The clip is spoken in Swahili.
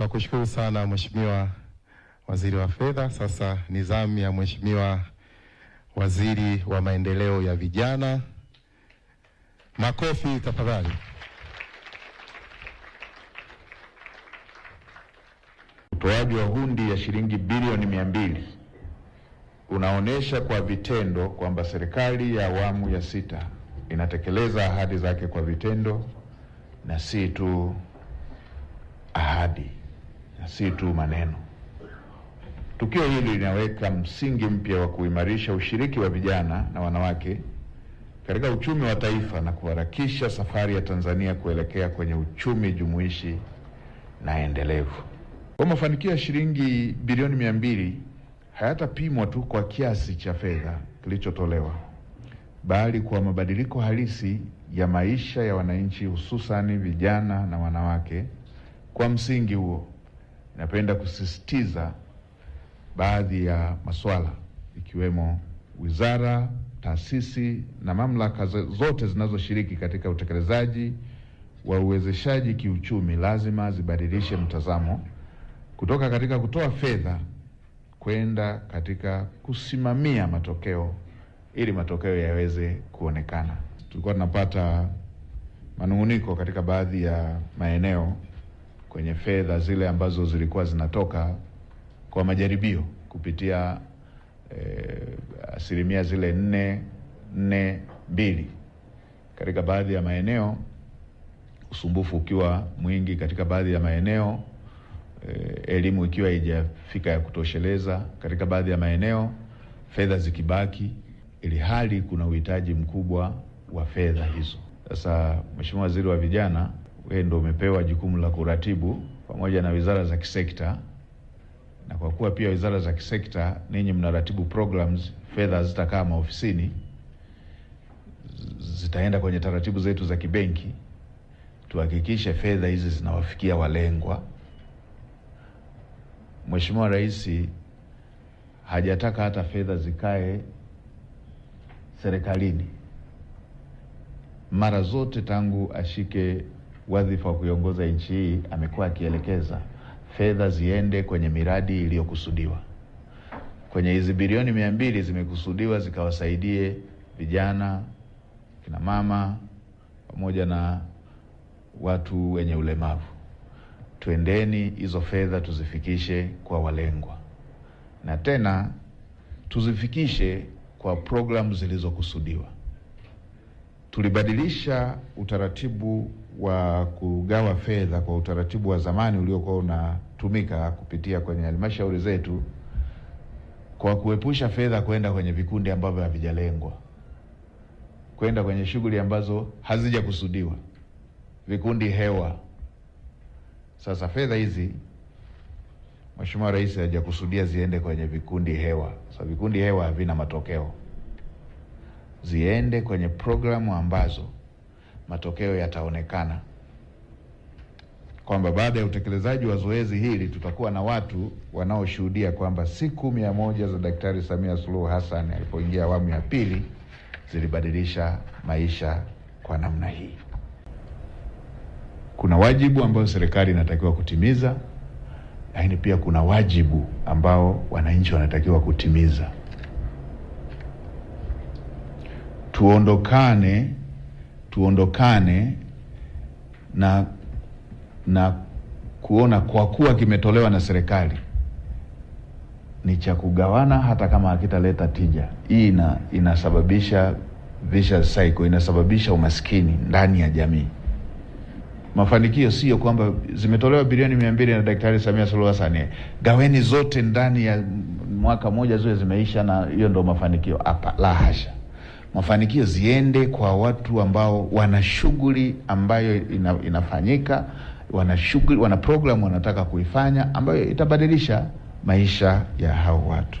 Tunakushukuru sana Mheshimiwa Waziri wa Fedha. Sasa ni zamu ya Mheshimiwa Waziri wa Maendeleo ya Vijana. Makofi tafadhali. Utoaji wa hundi ya shilingi bilioni mia mbili unaonyesha kwa vitendo kwamba serikali ya awamu ya sita inatekeleza ahadi zake kwa vitendo na si tu si tu maneno. Tukio hili linaweka msingi mpya wa kuimarisha ushiriki wa vijana na wanawake katika uchumi wa taifa na kuharakisha safari ya Tanzania kuelekea kwenye uchumi jumuishi na endelevu. Kwa mafanikio ya shilingi bilioni mia mbili hayatapimwa tu kwa kiasi cha fedha kilichotolewa, bali kwa mabadiliko halisi ya maisha ya wananchi, hususani vijana na wanawake. Kwa msingi huo inapenda kusisitiza baadhi ya masuala ikiwemo wizara, taasisi na mamlaka zote zinazoshiriki katika utekelezaji wa uwezeshaji kiuchumi lazima zibadilishe mtazamo kutoka katika kutoa fedha kwenda katika kusimamia matokeo ili matokeo yaweze kuonekana. Tulikuwa tunapata manung'uniko katika baadhi ya maeneo kwenye fedha zile ambazo zilikuwa zinatoka kwa majaribio kupitia e, asilimia zile nne nne mbili katika baadhi ya maeneo, usumbufu ukiwa mwingi katika baadhi ya maeneo e, elimu ikiwa haijafika ya kutosheleza katika baadhi ya maeneo, fedha zikibaki, ili hali kuna uhitaji mkubwa wa fedha hizo. Sasa Mheshimiwa Waziri wa Vijana wewe ndio umepewa jukumu la kuratibu pamoja na wizara za kisekta, na kwa kuwa pia wizara za kisekta ninyi mnaratibu programs, fedha hazitakaa maofisini, zitaenda kwenye taratibu zetu za kibenki. Tuhakikishe fedha hizi zinawafikia walengwa. Mheshimiwa Rais hajataka hata fedha zikae serikalini. Mara zote tangu ashike wadhifa wa kuiongoza nchi hii amekuwa akielekeza fedha ziende kwenye miradi iliyokusudiwa. Kwenye hizi bilioni mia mbili zimekusudiwa zikawasaidie vijana, kina mama pamoja na watu wenye ulemavu. Twendeni hizo fedha tuzifikishe kwa walengwa, na tena tuzifikishe kwa programu zilizokusudiwa tulibadilisha utaratibu wa kugawa fedha kwa utaratibu wa zamani uliokuwa unatumika kupitia kwenye halmashauri zetu kwa kuepusha fedha kwenda kwenye vikundi ambavyo havijalengwa, kwenda kwenye shughuli ambazo hazijakusudiwa, vikundi hewa. Sasa fedha hizi Mheshimiwa Rais hajakusudia ziende kwenye vikundi hewa. Sasa vikundi hewa havina matokeo ziende kwenye programu ambazo matokeo yataonekana kwamba baada ya utekelezaji wa zoezi hili tutakuwa na watu wanaoshuhudia kwamba siku mia moja za Daktari Samia Suluhu Hassan alipoingia awamu ya pili zilibadilisha maisha kwa namna hii. Kuna wajibu ambao serikali inatakiwa kutimiza, lakini pia kuna wajibu ambao wananchi wanatakiwa kutimiza. tuondokane tuondokane na na kuona kwa kuwa kimetolewa na serikali ni cha kugawana, hata kama hakitaleta tija. Hii ina, inasababisha vicious cycle, inasababisha umaskini ndani ya jamii. Mafanikio sio kwamba zimetolewa bilioni mia mbili na Daktari Samia Suluhu Hassan, gaweni zote ndani ya mwaka mmoja ziwe zimeisha, na hiyo ndo mafanikio. Hapa la hasha mafanikio ziende kwa watu ambao wana shughuli ambayo ina, inafanyika wana shughuli, wana program wanataka kuifanya ambayo itabadilisha maisha ya hao watu.